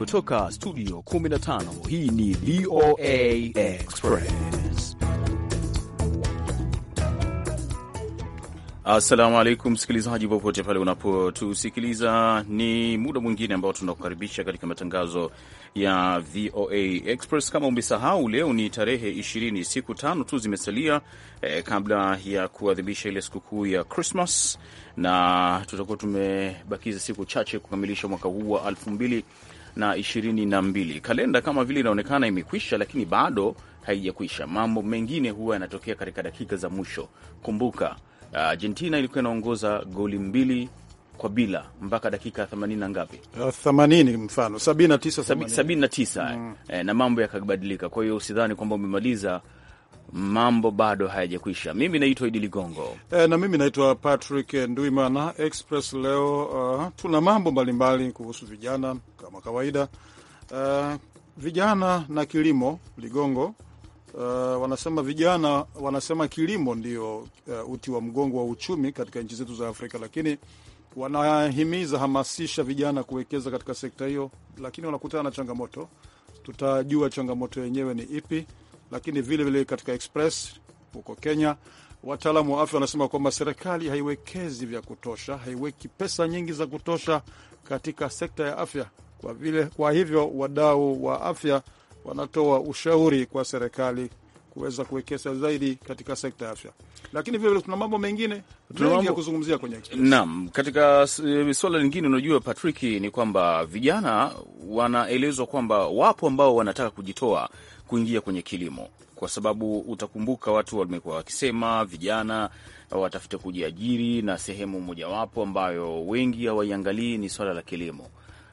kutoka studio 15 hii ni VOA Express. Assalamu alaikum msikilizaji, popote pale unapotusikiliza, ni muda mwingine ambao tunakukaribisha katika matangazo ya VOA Express. Kama umesahau, leo ni tarehe ishirini, siku tano tu zimesalia eh, kabla ya kuadhimisha ile sikukuu ya Christmas, na tutakuwa tumebakiza siku chache kukamilisha mwaka huu wa elfu mbili na ishirini na mbili. Kalenda kama vile inaonekana imekwisha, lakini bado haijakwisha. Mambo mengine huwa yanatokea katika dakika za mwisho. Kumbuka Argentina ilikuwa inaongoza goli mbili kwa bila mpaka dakika 80 na ngapi? 80 eh, mfano 79 79, mm. E, na mambo yakabadilika. Kwa hiyo usidhani kwamba umemaliza mambo bado hayajakwisha. Mimi naitwa Idi Ligongo e, na mimi naitwa Patrick Nduimana. Express leo uh, tuna mambo mbalimbali kuhusu vijana kama kawaida. Uh, vijana na kilimo Ligongo. Uh, wanasema vijana wanasema kilimo ndio uh, uti wa mgongo wa uchumi katika nchi zetu za Afrika, lakini wanahimiza hamasisha vijana kuwekeza katika sekta hiyo, lakini wanakutana na changamoto. Tutajua changamoto yenyewe ni ipi lakini vilevile vile katika Express huko Kenya, wataalamu wa afya wanasema kwamba serikali haiwekezi vya kutosha, haiweki pesa nyingi za kutosha katika sekta ya afya. Kwa vile, kwa hivyo wadau wa afya wanatoa ushauri kwa serikali kuweza kuwekeza zaidi katika sekta ya afya, lakini vile tuna mambo mengine mengi ya kuzungumzia kwenye Express. Naam, katika eh, suala lingine, unajua Patrick, ni kwamba vijana wanaelezwa kwamba wapo ambao wanataka kujitoa kuingia kwenye kilimo kwa sababu utakumbuka watu wamekuwa wakisema vijana watafute kujiajiri, na sehemu mojawapo ambayo wengi hawaiangalii ni swala la kilimo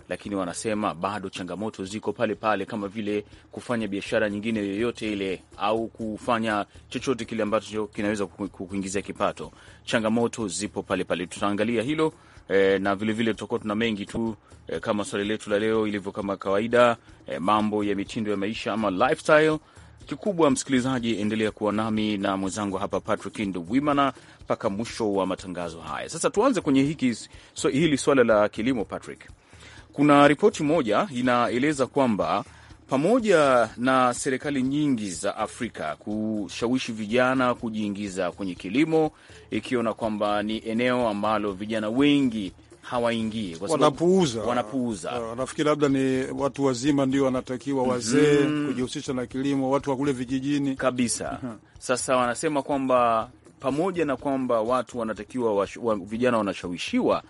lakini wanasema bado changamoto ziko pale pale, kama vile kufanya biashara nyingine yoyote ile au kufanya chochote kile ambacho kinaweza kuingizia kipato. Changamoto zipo pale pale, tutaangalia hilo e, na vilevile tutakuwa tuna mengi tu e, kama swali letu la leo ilivyo kama kawaida e, mambo ya mitindo ya maisha ama lifestyle kikubwa msikilizaji, endelea kuwa nami na mwenzangu hapa Patrick Ndwimana mpaka mwisho wa matangazo haya. Sasa tuanze kwenye hiki, so, hili swala la kilimo Patrick. Kuna ripoti moja inaeleza kwamba pamoja na serikali nyingi za Afrika kushawishi vijana kujiingiza kwenye kilimo, ikiona kwamba ni eneo ambalo vijana wengi hawaingii, wanapuuza, wanapuuza. Nafikiri labda ni watu wazima ndio wanatakiwa, wazee mm -hmm. kujihusisha na kilimo, watu wa kule vijijini kabisa. Mhm. Sasa wanasema kwamba pamoja na kwamba watu wanatakiwa wa, vijana wanashawishiwa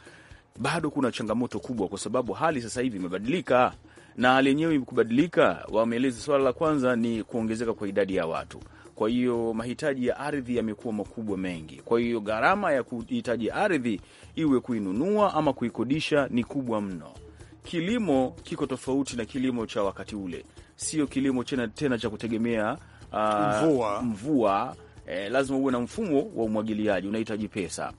bado kuna changamoto kubwa, kwa sababu hali sasa hivi imebadilika na hali yenyewe kubadilika, wameeleza swala la kwanza ni kuongezeka kwa idadi ya watu. Kwa hiyo mahitaji ya ardhi yamekuwa makubwa mengi, kwa hiyo gharama ya kuhitaji ardhi iwe kuinunua ama kuikodisha ni kubwa mno. Kilimo kiko tofauti na kilimo cha wakati ule, sio kilimo tena, tena cha kutegemea uh, mvua, mvua eh, lazima uwe na mfumo wa umwagiliaji, unahitaji pesa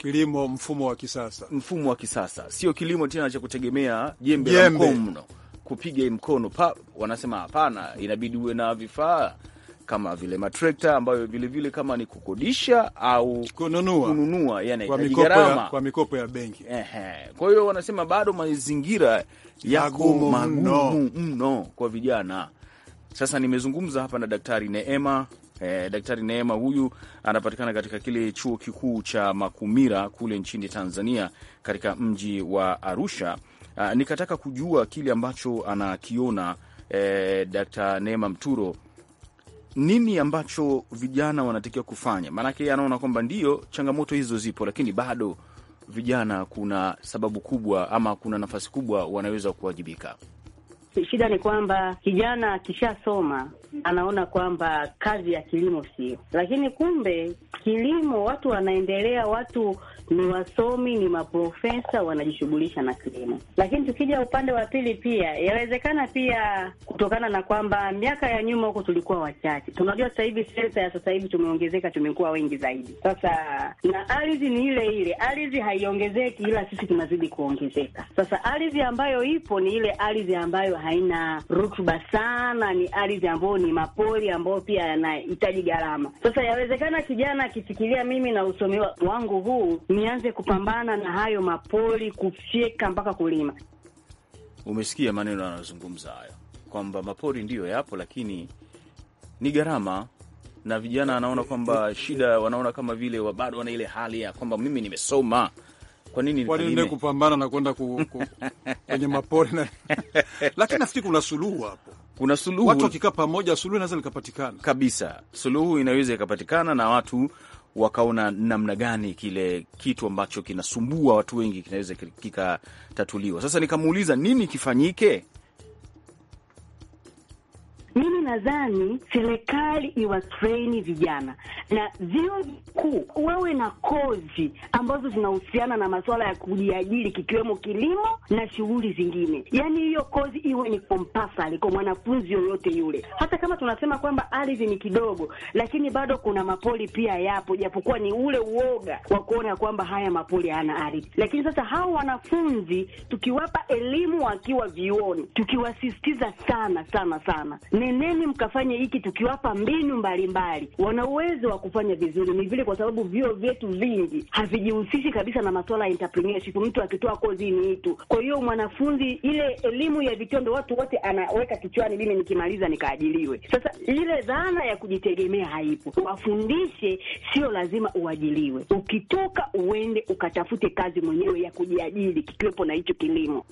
kilimo mfumo wa kisasa, mfumo wa kisasa, sio kilimo tena cha kutegemea jembe, la mkono kupiga mkono pa, wanasema hapana, inabidi uwe na vifaa kama vile matrekta ambayo vilevile kama ni kukodisha au kununua, kununua yani kwa mikopo ya, ya benki. Kwa hiyo wanasema bado mazingira yako magumu mno kwa vijana. Sasa nimezungumza hapa na Daktari Neema Eh, Daktari Neema huyu anapatikana katika kile chuo kikuu cha Makumira kule nchini Tanzania katika mji wa Arusha. Uh, nikataka kujua kile ambacho anakiona eh, Daktari Neema Mturo, nini ambacho vijana wanatakiwa kufanya? Maanake anaona kwamba ndiyo changamoto hizo zipo, lakini bado vijana kuna sababu kubwa ama kuna nafasi kubwa wanaweza kuwajibika. Shida ni kwamba kijana akishasoma anaona kwamba kazi ya kilimo sio, lakini kumbe kilimo watu wanaendelea, watu ni wasomi, ni maprofesa, wanajishughulisha na kilimo. Lakini tukija upande wa pili, pia yawezekana pia kutokana na kwamba miaka ya nyuma huko tulikuwa wachache. Tunajua sasa hivi sensa ya sasa hivi tumeongezeka, tumekuwa wengi zaidi. Sasa na ardhi ni ile ile, ardhi haiongezeki, ila sisi tunazidi kuongezeka. Sasa ardhi ambayo ipo ni ile ardhi ambayo haina rutuba sana, ni ardhi ambayo ni mapori ambayo pia yanahitaji gharama. Sasa yawezekana kijana akifikiria, mimi na usomi wangu huu nianze kupambana na hayo mapori, kufyeka mpaka kulima. Umesikia maneno anayozungumza hayo kwamba mapori ndiyo yapo, lakini ni gharama na vijana anaona kwamba shida, wanaona kama vile bado wana ile hali ya kwamba mimi nimesoma, kwa nini kwa kupambana na kwenda ku, ku, kwenye mapori na... lakini nafikiri kuna suluhu hapo, kuna suluhu. Watu wakikaa pamoja, suluhu inaweza likapatikana kabisa, suluhu inaweza ikapatikana na watu wakaona namna gani kile kitu ambacho kinasumbua watu wengi kinaweza kikatatuliwa. Sasa nikamuuliza nini kifanyike. Mimi nadhani serikali iwatreni vijana, na vyuo vikuu wawe na kozi ambazo zinahusiana na masuala ya kujiajiri kikiwemo kilimo na shughuli zingine. Yaani hiyo kozi iwe ni compulsory kwa mwanafunzi yoyote yule, hata kama tunasema kwamba ardhi ni kidogo, lakini bado kuna mapoli pia yapo, japokuwa ni ule uoga wa kuona kwamba haya mapoli hayana ardhi. Lakini sasa hao wanafunzi tukiwapa elimu wakiwa vioni, tukiwasisitiza sana sana sana, neneni mkafanye hiki, tukiwapa mbinu mbalimbali, wana uwezo wa hawakufanya vizuri, ni vile kwa sababu vyuo vyetu vingi havijihusishi kabisa na masuala ya entrepreneurship. Mtu akitoa kozi ni itu. Kwa hiyo mwanafunzi, ile elimu ya vitendo watu wote anaweka kichwani, mimi nikimaliza nikaajiliwe. Sasa ile dhana ya kujitegemea haipo. Wafundishe, sio lazima uajiliwe, ukitoka uende ukatafute kazi mwenyewe ya kujiajiri, kikiwepo na hicho kilimo.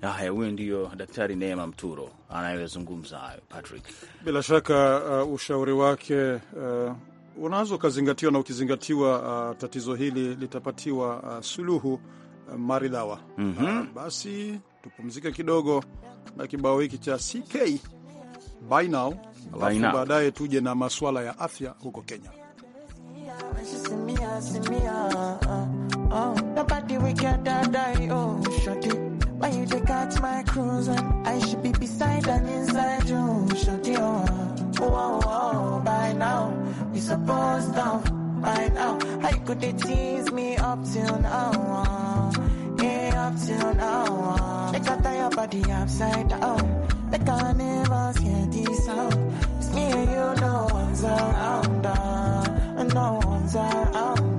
Haya, huyo ndiyo Daktari Neema Mturo anayozungumza hayo, Patrick. Bila shaka uh, ushauri wake uh unazo ukazingatiwa na ukizingatiwa, uh, tatizo hili litapatiwa uh, suluhu uh, maridhawa. mm -hmm. Uh, basi tupumzike kidogo na kibao hiki cha CK Buy Now, alafu baadaye tuje na maswala ya afya huko Kenya. whoa, whoa, by now. We supposed to, by now. How could they tease me up till now? Yeah, uh? up till now. Make uh? They got tired body upside down. Make can never hear the sound. It's me and you, no one's around. Uh, no one's around.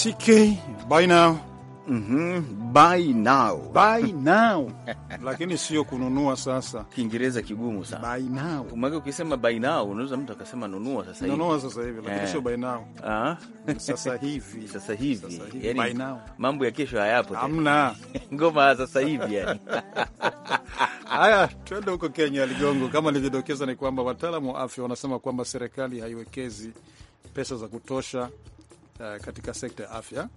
CK buy now. Mm-hmm. Buy now. Buy now. Lakini sio kununua sasa. Kiingereza kigumu sana. Buy now. Maana ukisema buy now unaweza mtu akasema nunua sasa hivi. Nunua sasa hivi lakini eh. sio buy now. Ah. Sasa hivi. Sasa hivi. Yani, buy now. Mambo ya kesho hayapo. Hamna. Ngoma sasa hivi yani. Haya, twende huko Kenya Ligongo. Kama nilivyodokeza ni kwamba wataalamu wa afya wanasema kwamba serikali haiwekezi pesa za kutosha uh, katika sekta ya afya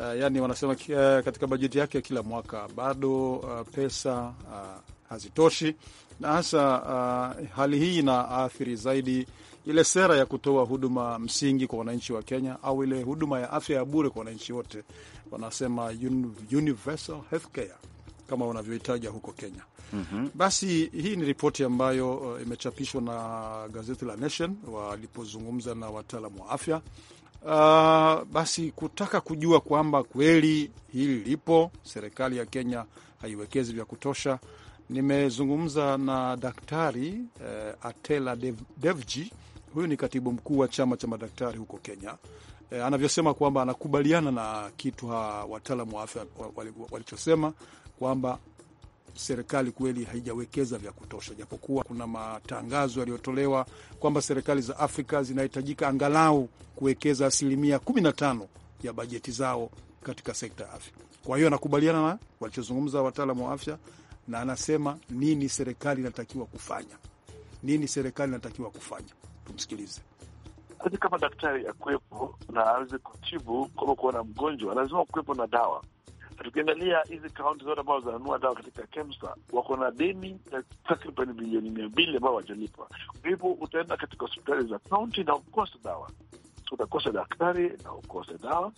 uh, yani wanasema uh, katika bajeti yake ya kila mwaka bado uh, pesa uh, hazitoshi na hasa uh, hali hii athiri zaidi ile sera ya kutoa huduma msingi kwa wananchi wa Kenya au ile huduma ya afya ya bure kwa wananchi wote, wanasema universal healthcare kama wanavyohitaja huko Kenya. mm -hmm. Basi hii ni ripoti ambayo uh, imechapishwa na gazeti la Nation walipozungumza na wataalamu wa afya Uh, basi kutaka kujua kwamba kweli hili lipo, serikali ya Kenya haiwekezi vya kutosha. Nimezungumza na daktari uh, Atela Dev, Devji, huyu ni katibu mkuu wa chama cha madaktari huko Kenya E, anavyosema kwamba anakubaliana na kitu uh, wataalamu wa afya walichosema kwamba serikali kweli haijawekeza vya kutosha, japokuwa kuna matangazo yaliyotolewa kwamba serikali za Afrika zinahitajika angalau kuwekeza asilimia 15 ya bajeti zao katika sekta ya afya. Kwa hiyo anakubaliana na walichozungumza wataalamu wa afya, na anasema nini serikali inatakiwa kufanya, nini serikali inatakiwa kufanya. Tumsikilize. Kama daktari akuwepo na aweze kutibu, kama kuona mgonjwa lazima kuwepo na dawa tukiangalia hizi kaunti zote ambazo zinanunua dawa katika KEMSA wako na deni ya takriban bilioni mia mbili ambao wajalipwa. Kwa hivyo utaenda katika hospitali za kaunti na ukose dawa, utakose daktari na ukose dawa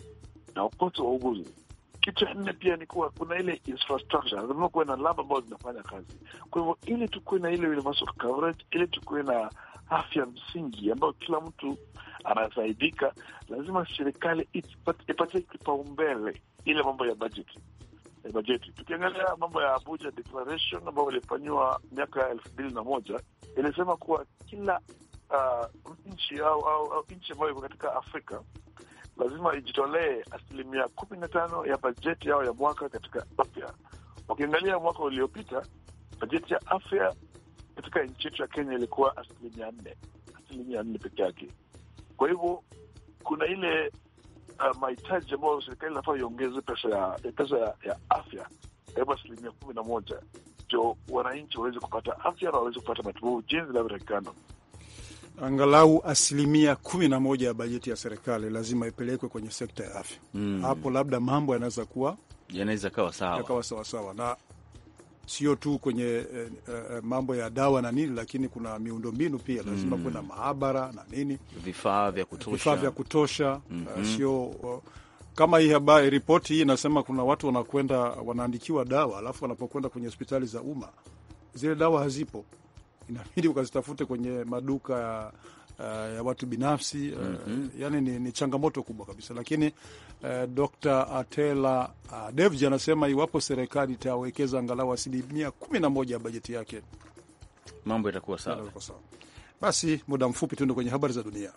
na ukose wauguzi. Kitu cha nne pia ni kuwa kuna ile infrastructure, lazima kuwe na lab ambazo zinafanya kazi. Kwa hivyo ili tukuwe na ile universal coverage, ili tukuwe na afya msingi ambayo kila mtu anasaidika, lazima serikali ipatie kipaumbele ile mambo ya bajeti bajeti. Tukiangalia mambo ya Abuja Declaration ambayo ilifanyiwa miaka ya elfu mbili na moja ilisema kuwa kila uh, nchi au, au, au nchi ambayo iko katika Afrika lazima ijitolee asilimia kumi na tano ya bajeti yao ya mwaka katika afya. Wakiangalia mwaka uliopita, bajeti ya afya katika nchi yetu ya Kenya ilikuwa asilimia nne, asilimia nne peke yake. Kwa hivyo kuna ile uh, mahitaji ambayo serikali inafaa iongeze pesa ya pesa ya afya karibu asilimia kumi na moja ndio wananchi waweze kupata afya na waweze kupata matibabu jinsi inavyotakikana angalau asilimia kumi na moja ya bajeti ya serikali lazima ipelekwe kwenye sekta ya afya mm. Hapo labda mambo yanaweza kuwa yanaweza kawa sawa, yakawa sawasawa na sio tu kwenye eh, eh, eh, mambo ya dawa na nini, lakini kuna miundombinu pia lazima mm. kuwe na maabara na nini, vifaa vya kutosha, vifaa vya kutosha mm -hmm. Uh, sio uh, kama hii habari ripoti hii inasema kuna watu wanakwenda wanaandikiwa dawa alafu wanapokwenda kwenye hospitali za umma zile dawa hazipo inabidi ukazitafute kwenye maduka ya uh, ya watu binafsi uh, mm -hmm. Yani ni, ni changamoto kubwa kabisa, lakini uh, eh, Dr. Atela uh, Devji anasema iwapo serikali itawekeza angalau asilimia kumi na moja ya bajeti yake mambo itakuwa sawa. Basi muda mfupi tuende kwenye habari za dunia.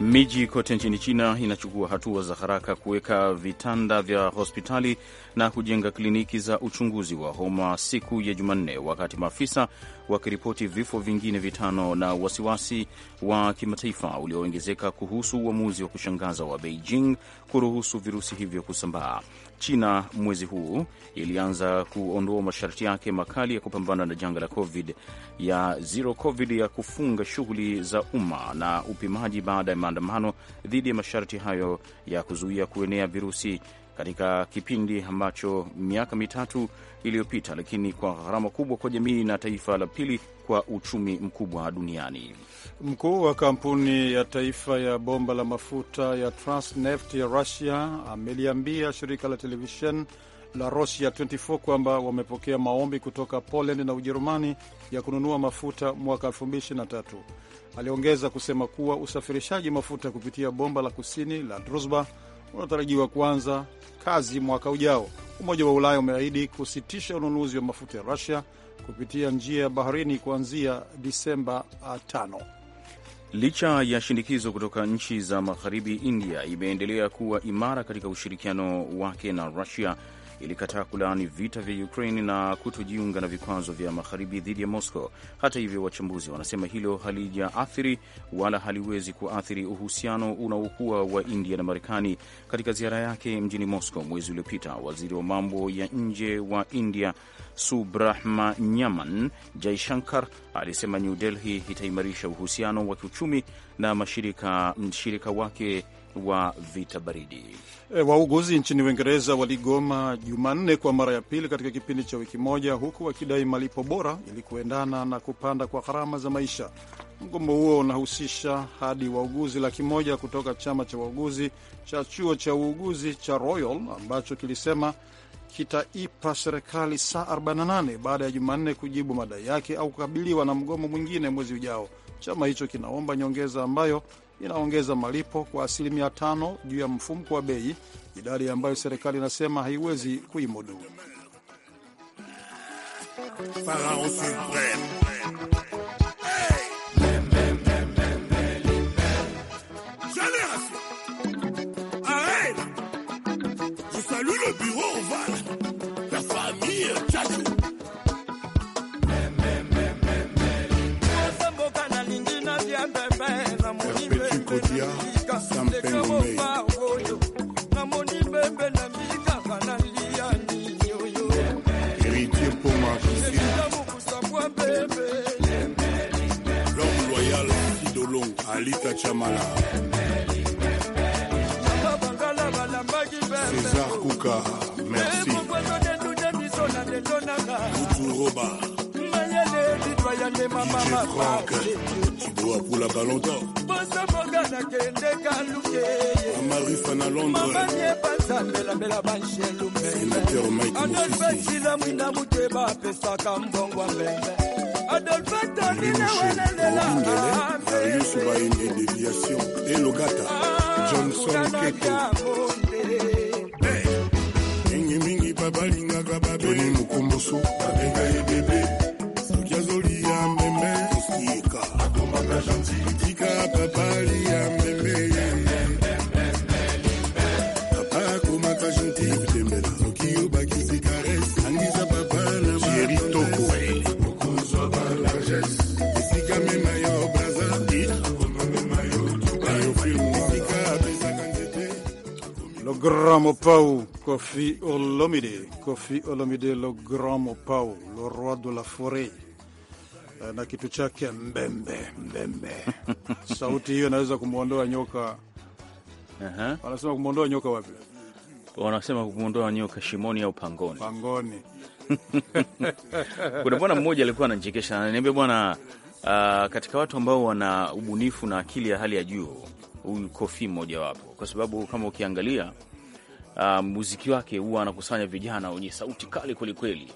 Miji kote nchini China inachukua hatua za haraka kuweka vitanda vya hospitali na kujenga kliniki za uchunguzi wa homa siku ya Jumanne, wakati maafisa wakiripoti vifo vingine vitano na wasiwasi wa kimataifa ulioongezeka kuhusu uamuzi wa kushangaza wa Beijing kuruhusu virusi hivyo kusambaa. China mwezi huu ilianza kuondoa masharti yake makali ya kupambana na janga la COVID ya zero COVID ya kufunga shughuli za umma na upimaji baada ya maandamano dhidi ya masharti hayo ya kuzuia kuenea virusi katika kipindi ambacho miaka mitatu iliyopita, lakini kwa gharama kubwa kwa jamii na taifa la pili kwa uchumi mkubwa duniani. Mkuu wa kampuni ya taifa ya bomba la mafuta ya Transneft ya Russia ameliambia shirika la televishen la Russia 24 kwamba wamepokea maombi kutoka Poland na Ujerumani ya kununua mafuta mwaka 2023. Aliongeza kusema kuwa usafirishaji mafuta kupitia bomba la kusini la Druzhba unatarajiwa kuanza kazi mwaka ujao. Umoja wa Ulaya umeahidi kusitisha ununuzi wa mafuta ya Rusia kupitia njia ya baharini kuanzia Disemba 5. Ah, Licha ya shinikizo kutoka nchi za magharibi, India imeendelea kuwa imara katika ushirikiano wake na Rusia ilikataa kulaani vita vya Ukraine na kutojiunga na vikwazo vya magharibi dhidi ya Moscow. Hata hivyo, wachambuzi wanasema hilo halijaathiri wala haliwezi kuathiri uhusiano unaokuwa wa India na Marekani. Katika ziara yake mjini Moscow mwezi uliopita, waziri wa mambo ya nje wa India Subrahmanyaman Jaishankar alisema New Delhi itaimarisha uhusiano wa kiuchumi na mashirika mshirika wake wa vita baridi. E, wauguzi nchini Uingereza waligoma Jumanne kwa mara ya pili katika kipindi cha wiki moja, huku wakidai malipo bora ili kuendana na kupanda kwa gharama za maisha. Mgomo huo unahusisha hadi wauguzi laki moja kutoka chama cha wauguzi cha chuo cha uuguzi cha Royal ambacho kilisema kitaipa serikali saa 48 baada ya Jumanne kujibu madai yake au kukabiliwa na mgomo mwingine mwezi ujao. Chama hicho kinaomba nyongeza ambayo inaongeza malipo kwa asilimia tano juu ya mfumko wa bei, idadi ambayo serikali inasema haiwezi kuimudu. Benchila mwina muteba pesa kambongwa mbembe Adolfato nina wanalela ambe Mingi babalingaka babe Mukumbusu babenga yebebe grand Pau, Kofi Olomide. Kofi Olomide, le grand Pau, le roi de la forêt eh, na kitu chake mbembe mbembe. Sauti hiyo inaweza kumwondoa nyoka. Wanasema uh -huh. Kumwondoa nyoka wapi? Wanasema kumwondoa nyoka shimoni au pangoni, pangoni. Kuna bwana mmoja alikuwa ananichekesha, ananiambia bwana, uh, katika watu ambao wana ubunifu na akili ya hali ya juu, huyu Kofi mmojawapo, kwa sababu kama ukiangalia uh, muziki wake huwa anakusanya vijana wenye sauti kali kwelikweli,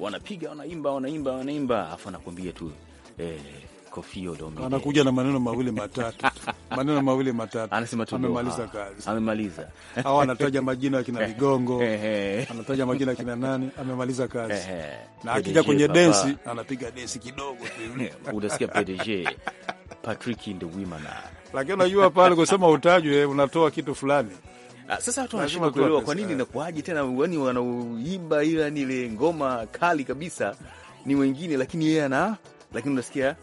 wanapiga wanaimba, wanaimba, wanaimba, afu anakuambia tu eh, anakuja na maneno mawili matatu, maneno mawili matatu, anasema tu amemaliza kazi, amemaliza au anataja majina akina kina Ligongo, anataja majina kina nani, amemaliza kazi. Na akija kwenye densi anapiga densi kidogo unasikia PDG Patrick Ndwimana, lakini unajua pale kusema utajwe, unatoa kitu fulani Ah, sasa watu wanashindwa kuelewa kwa nini inakuaje tena, yani wanaoimba ila ni ile ngoma kali kabisa ni wengine, lakini yeye ana lakini unasikia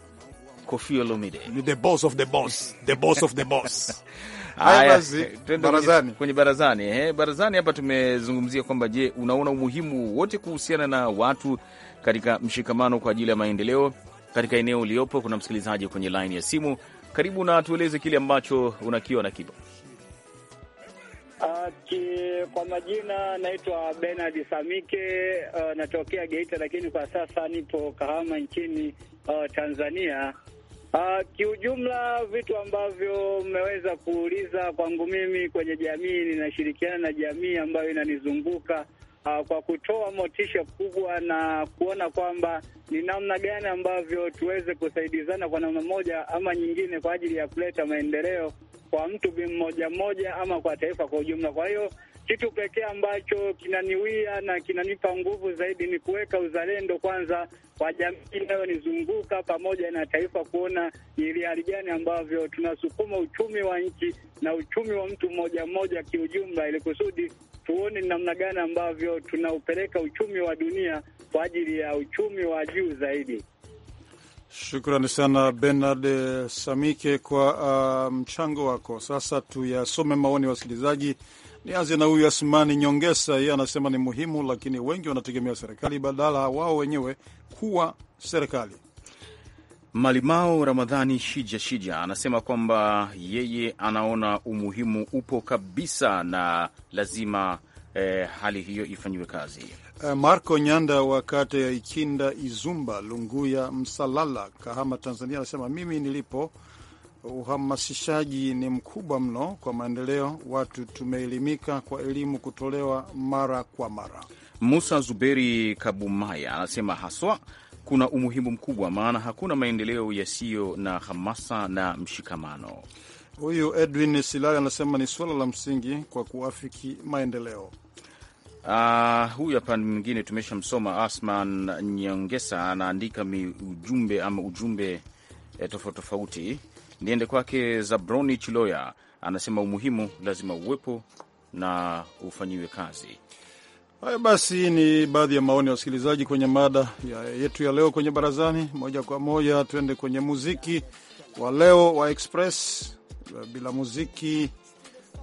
Koffi Olomide the boss of the boss, the boss of the boss. Haya, eh, twende barazani, kwenye barazani. Eh, barazani hapa tumezungumzia kwamba, je, unaona umuhimu wote kuhusiana na watu katika mshikamano kwa ajili ya maendeleo katika eneo uliopo. Kuna msikilizaji kwenye line ya simu, karibu na tueleze kile ambacho unakiona kipo Ati, kwa majina naitwa Bernard Samike, uh, natokea Geita lakini kwa sasa nipo Kahama nchini uh, Tanzania. Uh, kiujumla vitu ambavyo mmeweza kuuliza kwangu mimi kwenye jamii, ninashirikiana na jamii ambayo inanizunguka uh, kwa kutoa motisha kubwa na kuona kwamba ni namna gani ambavyo tuweze kusaidizana kwa namna moja ama nyingine kwa ajili ya kuleta maendeleo kwa mtu mmoja mmoja ama kwa taifa kwa ujumla. Kwa hiyo kitu pekee ambacho kinaniwia na kinanipa nguvu zaidi ni kuweka uzalendo kwanza kwa jamii inayonizunguka pamoja na taifa, kuona ni hali gani ambavyo tunasukuma uchumi wa nchi na uchumi wa mtu mmoja mmoja kiujumla, ili kusudi tuone ni namna gani ambavyo tunaupeleka uchumi wa dunia kwa ajili ya uchumi wa juu zaidi. Shukrani sana Bernard Samike kwa uh, mchango wako. Sasa tuyasome maoni ya wasikilizaji. Nianze na huyu Asmani Nyongesa, yeye anasema ni muhimu, lakini wengi wanategemea serikali badala wao wenyewe kuwa serikali. Malimao Ramadhani Shija Shija anasema kwamba yeye anaona umuhimu upo kabisa na lazima eh, hali hiyo ifanyiwe kazi. Eh, Marco Nyanda wa kata ya Ikinda, Izumba, Lunguya, Msalala, Kahama, Tanzania, anasema mimi nilipo uhamasishaji ni mkubwa mno kwa maendeleo. Watu tumeelimika kwa elimu kutolewa mara kwa mara. Musa Zuberi Kabumaya anasema haswa kuna umuhimu mkubwa, maana hakuna maendeleo yasiyo na hamasa na mshikamano. Huyu Edwin Silali anasema ni suala la msingi kwa kuafiki maendeleo. Uh, huyu hapa mwingine tumeshamsoma Asman Nyongesa anaandika ujumbe ama ujumbe eh, tofauti tofauti. Niende kwake Zabroni Chiloya, anasema umuhimu lazima uwepo na ufanyiwe kazi. Haya basi, ni baadhi ya maoni ya wasikilizaji kwenye mada ya yetu ya leo kwenye barazani. Moja kwa moja tuende kwenye muziki wa leo wa Express. Bila muziki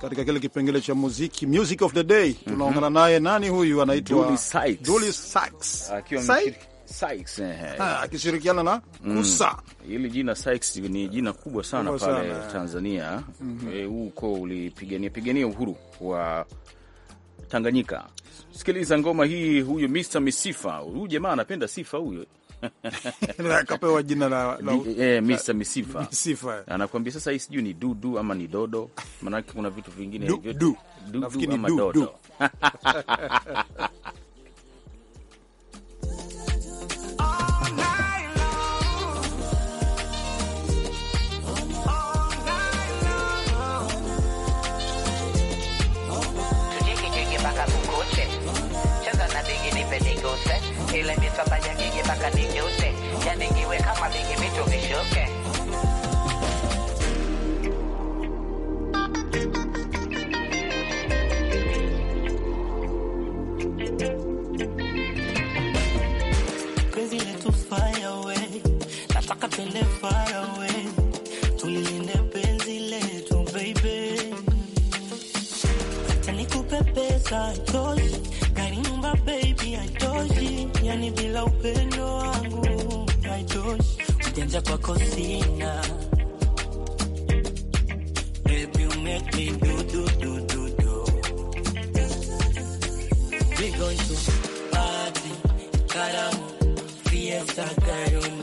katika kile kipengele cha muziki music of the day mhm. tunaongana mm -hmm. naye nani huyu anaitwa Dully Sykes ah, akishirikiana na mm. Kusa. Hili jina Sykes ni jina kubwa sana kubwa pale sana. Tanzania huko mm -hmm. e, ulipigania pigania uhuru wa Tanganyika. Sikiliza ngoma hii, huyu Mr Misifa, huyu jamaa anapenda sifa huyo akapewa jina la, la, eh, Mr. Misifa. Misifa. Anakuambia sasa hii sijui ni dudu ama ni dodo, maanake kuna vitu vingine du, du. Du, du, ama dodo twende far away, tulilinde penzi letu baby, hata nikupe pesa toshi, gari, yaani nyumba baby haitoshi, yani bila upendo wangu haitoshi, ujanja kwako sina baby, you make me do do do do do, we going to party, karamu, fiesta, karamu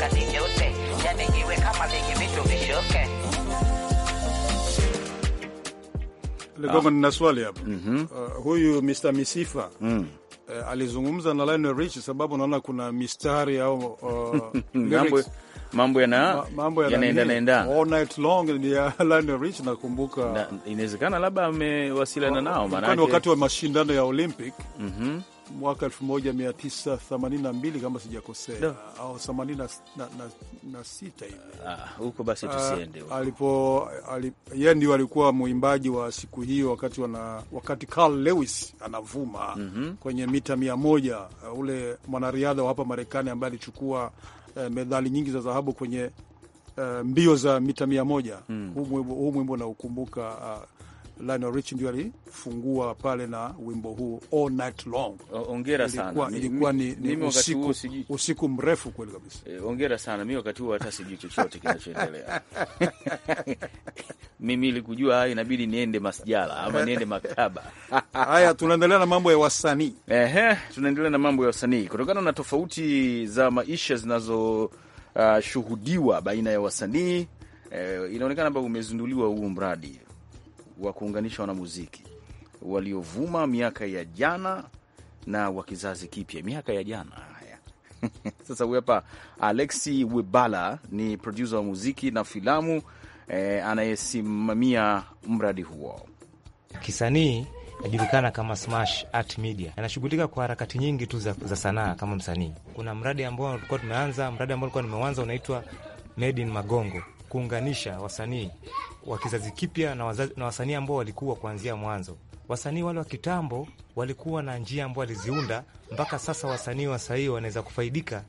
nataka nigeuze, yani iwe kama vingi vitu vishuke. Ligongo, nina swali hapo. Mhm. Uh, huyu Mr. Misifa mm. Uh, alizungumza na Lionel Rich sababu naona kuna mistari au uh, lyrics mambo yana mambo yanaenda all night long ya Lionel Rich. Nakumbuka na, inawezekana labda amewasiliana nao maana wakati wa mashindano ya Olympic mm -hmm mwaka 1982 kama sijakosea, no. au 86 hivi ah, huko. Basi ah, tusiende alipo, yeye ndio alikuwa mwimbaji wa siku hiyo, wakati wana, wakati Carl Lewis anavuma mm -hmm. kwenye mita 100 uh, ule mwanariadha wa hapa Marekani ambaye alichukua eh, medali nyingi za dhahabu kwenye Uh, mbio za mita mia moja. Hmm. Huu mwimbo naukumbuka, uh, Lionel Rich ndio alifungua pale na wimbo huu All Night Long. Ongera sana, ilikuwa ni, ni usiku, usiku mrefu kweli kabisa. E, eh, ongera sana. Mimi wakati huo hata sijui chochote kinachoendelea mimi nilikujua hai ah, inabidi niende masjala ama niende maktaba. Haya, tunaendelea na mambo ya wasanii. Ehe, tunaendelea na mambo ya wasanii kutokana na tofauti za maisha zinazo uh, shuhudiwa baina ya wasanii eh, inaonekana kwamba umezinduliwa huu mradi wa kuunganisha wanamuziki waliovuma miaka ya jana na wa kizazi kipya miaka ya jana. Haya, sasa huyu hapa Alexi Webala ni produsa wa muziki na filamu eh, anayesimamia mradi huo kisanii najulikana kama Smash Art Media, anashughulika kwa harakati nyingi tu za, za sanaa kama msanii. Kuna mradi ambao tulikuwa tumeanza, mradi ambao nilikuwa nimeanza unaitwa Made in Magongo kuunganisha wasanii wa kizazi kipya na, na wasanii ambao walikuwa kuanzia mwanzo. Wasanii wale wa kitambo walikuwa na njia ambao waliziunda mpaka sasa wasanii wa sahii wanaweza kufaidika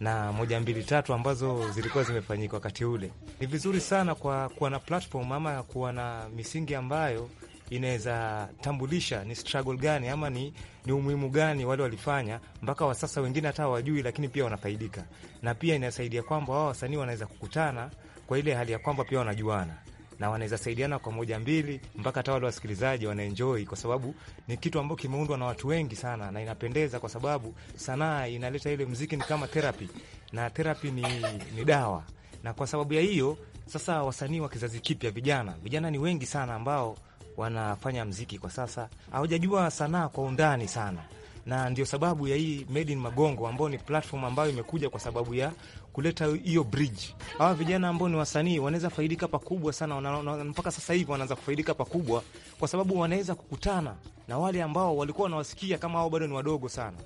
na moja mbili tatu ambazo zilikuwa zimefanyika wakati ule. Ni vizuri sana kwa kuwa na platform ama kuwa na misingi ambayo inaweza tambulisha ni struggle gani ama ni, ni umuhimu gani wale walifanya mpaka wasasa, wengine hata hawajui, lakini pia wanafaidika, na pia inasaidia kwamba wao wasanii wanaweza kukutana kwa ile hali ya kwamba pia wanajuana na wanaweza saidiana kwa moja mbili, mpaka hata wale wasikilizaji wanaenjoi, kwa sababu ni kitu ambacho kimeundwa na watu wengi sana na inapendeza, kwa sababu sanaa inaleta ile, mziki ni kama therapy na therapy ni, ni dawa. Na kwa sababu ya hiyo sasa, wasanii wa kizazi kipya, vijana vijana ni wengi sana ambao wanafanya mziki kwa sasa, hawajajua sanaa kwa undani sana na ndio sababu ya hii Made in Magongo ambao ni platform ambayo imekuja kwa sababu ya kuleta hiyo bridge. Hawa vijana ambao ni wasanii wanaweza faidika pakubwa sana, wana, mpaka sasa hivi wanaanza kufaidika pakubwa, kwa sababu wanaweza kukutana na wale ambao walikuwa wanawasikia kama hao bado ni wadogo sana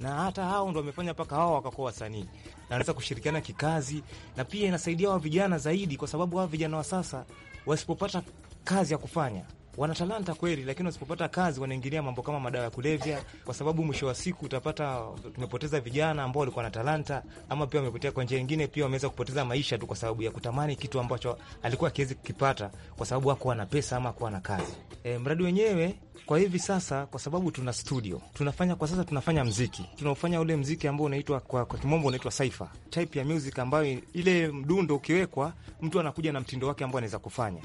na hata hao ndo wamefanya mpaka hao wakakuwa wasanii na wanaweza kushirikiana kikazi, na pia inasaidia hao vijana zaidi, kwa sababu hao vijana wa sasa wasipopata kazi ya kufanya wana talanta kweli, lakini wasipopata kazi wanaingilia mambo kama madawa ya kulevya, kwa sababu mwisho wa siku utapata tumepoteza vijana ambao walikuwa na talanta, ama pia wamepotea kwa njia nyingine, pia wameweza kupoteza maisha tu kwa sababu ya kutamani kitu ambacho alikuwa akiwezi kukipata kwa sababu hakuwa na pesa ama hakuwa na kazi. E, mradi wenyewe kwa hivi sasa, kwa sababu tuna studio tunafanya kwa sasa, tunafanya mziki, tunaofanya ule mziki ambao unaitwa kwa, kwa kimombo unaitwa cypher type ya music, ambayo ile mdundo ukiwekwa, mtu anakuja na mtindo wake ambao anaweza kufanya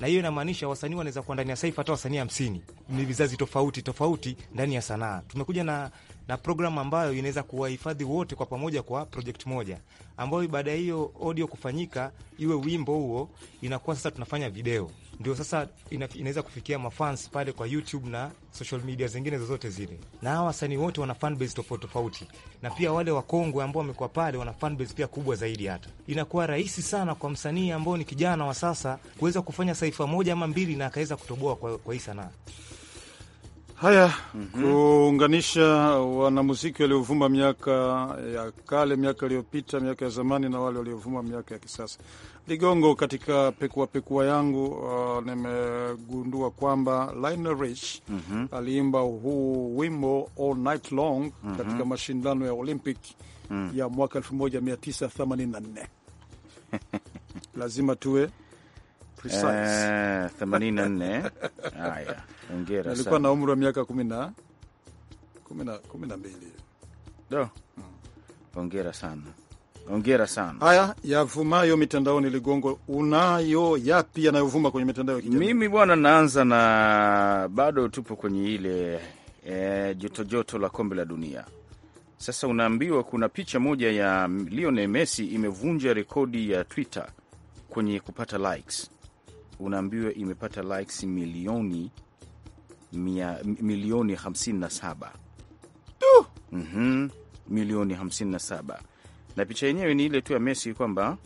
na hiyo inamaanisha wasanii wanaweza kuwa ndani ya Saifa hata wasanii hamsini. Ni vizazi tofauti tofauti ndani ya sanaa. Tumekuja na, na programu ambayo inaweza kuwahifadhi wote kwa pamoja kwa project moja, ambayo baada ya hiyo audio kufanyika iwe wimbo huo, inakuwa sasa tunafanya video ndio sasa inaweza kufikia mafans pale kwa YouTube na social media zingine zozote zile, na hawa wasanii wote wana fan base tofauti tofauti, na pia wale wakongwe ambao wamekuwa pale wana fan base pia kubwa zaidi. Hata inakuwa rahisi sana kwa msanii ambao ni kijana wa sasa kuweza kufanya saifa moja ama mbili na akaweza kutoboa kwa, kwa hii sanaa. Haya, mm -hmm. Kuunganisha wanamuziki waliovuma miaka ya kale, miaka iliyopita, miaka ya zamani na wale waliovuma miaka ya kisasa. Ligongo, katika pekuapekua yangu uh, nimegundua kwamba Lionel Rich mm -hmm. aliimba huu wimbo all night long mm -hmm. katika mashindano ya Olympic mm -hmm. ya mwaka 1984 lazima tuwe Eh, themanini na nne. Haya, sana. na umri wa miaka kumi na kumi na mbili. Do, hmm. sana, sana. Haya yavumayo mitandaoni, Ligongo, unayo yapi yanayovuma kwenye mitandao ya kijamii? Mimi bwana, naanza na bado tupo kwenye ile e, eh, jotojoto la kombe la dunia. Sasa unaambiwa kuna picha moja ya Lionel Messi imevunja rekodi ya Twitter kwenye kupata likes unaambiwa imepata likes milioni mia, milioni 57 tu mm -hmm, milioni 57 na picha yenyewe ni ile tu ya Messi kwamba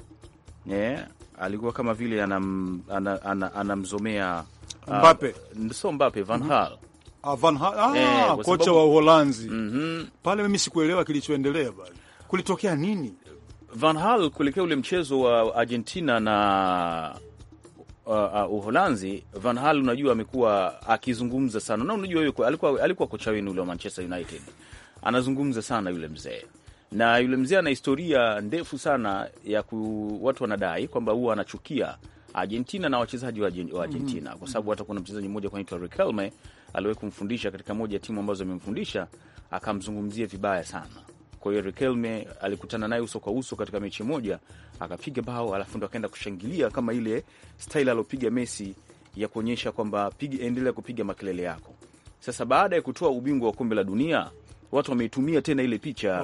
yeah, alikuwa kama vile anam, anam, anam, anamzomea ah, Mbappe uh, so Mbappe Van Hal mhm. ah, Van Hal ah, yeah, kocha wa Uholanzi mm -hmm. Pale mimi sikuelewa kilichoendelea bali kulitokea nini Van Hal kuelekea ule mchezo wa Argentina na uh, uh, Uholanzi, Van Hal unajua amekuwa akizungumza sana, na unajua yuko, alikuwa, alikuwa kocha wenu ule wa Manchester United, anazungumza sana yule mzee na yule mzee ana historia ndefu sana ya ku, watu wanadai kwamba huwa anachukia Argentina na wachezaji wa Argentina mm-hmm. kwa sababu hata kuna mchezaji mmoja kwanaitwa Riquelme aliwahi kumfundisha katika moja ya timu ambazo amemfundisha akamzungumzia vibaya sana kwa hiyo Riquelme alikutana naye uso kwa uso katika mechi moja, akapiga bao, alafu ndo akaenda kushangilia kama ile style aliopiga Messi ya kuonyesha kwamba endelea kupiga makelele yako. Sasa baada ya kutoa ubingwa wa kombe la dunia watu wameitumia tena ile picha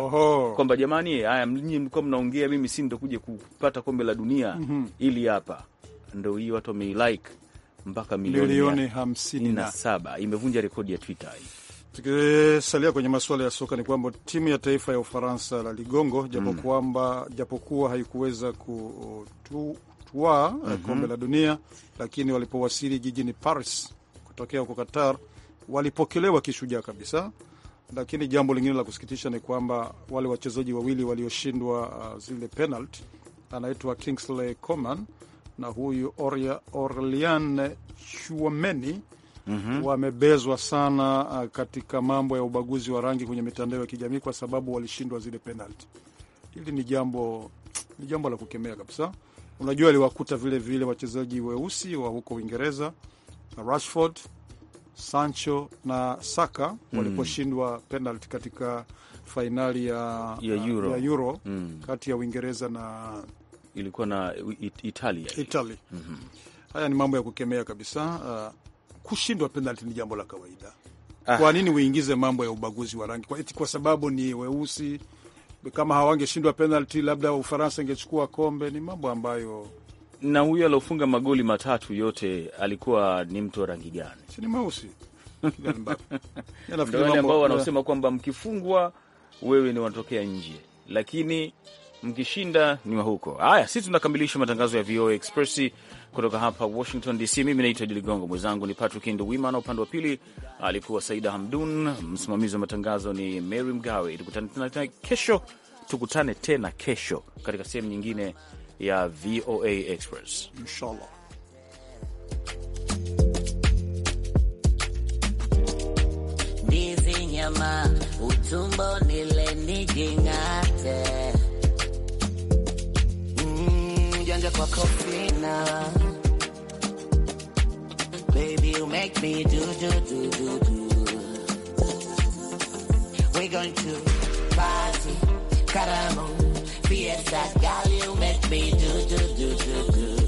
kwamba jamani, haya nyinyi mlikuwa mnaongea, mimi si ndo kupata kombe la dunia mm -hmm. ili hapa ndo hii watu wameilike mpaka milioni hamsini na saba imevunja rekodi ya Twitter hii. Tukisalia kwenye masuala ya soka ni kwamba timu ya taifa ya Ufaransa la Ligongo mm. japo mm. kwamba japokuwa haikuweza kutwaa eh, mm -hmm. kombe la dunia, lakini walipowasili jijini Paris kutokea huko Qatar walipokelewa kishujaa kabisa. Lakini jambo lingine la kusikitisha ni kwamba wale wachezaji wawili walioshindwa uh, zile penalty, anaitwa Kingsley Coman na huyu Orlean chuameni -hmm. wamebezwa sana uh, katika mambo ya ubaguzi wa rangi kwenye mitandao ya kijamii kwa sababu walishindwa zile penalti. Hili ni jambo ni jambo la kukemea kabisa. Unajua, aliwakuta vile vile wachezaji weusi wa huko Uingereza, Rashford, Sancho na Saka mm. waliposhindwa penalti katika fainali ya, ya uh, Euro, ya Euro mm. kati ya Uingereza na ilikuwa na Italia, Italia. Mm -hmm. Haya ni mambo ya kukemea kabisa. Uh, kushindwa penalti ni jambo la kawaida. Ah, kwa nini uingize mambo ya ubaguzi wa rangi kwa eti kwa sababu ni weusi? Kama hawangeshindwa penalti, labda Ufaransa ingechukua kombe. Ni mambo ambayo na huyo aliofunga magoli matatu yote alikuwa ni mtu wa rangi gani? Si ni mweusi? Ndio wale ambao wanaosema kwamba mkifungwa wewe ni wanatokea nje, lakini mkishinda ni wa huko. Haya, sisi tunakamilisha matangazo ya VOA Express kutoka hapa Washington DC. Mimi naitwa Idi Ligongo, mwenzangu ni Patrick Nduwima na upande wa pili alikuwa Saida Hamdun, msimamizi wa matangazo ni Mary Mgawe. Tukutane tena kesho, tukutane tena kesho katika sehemu nyingine ya VOA Express inshallah. nyama utumbo nile nijingate ganja kwa coffee now. Baby, you make me do do do do do. We're going to party, caramo, fiesta, girl, you make me do do do do do.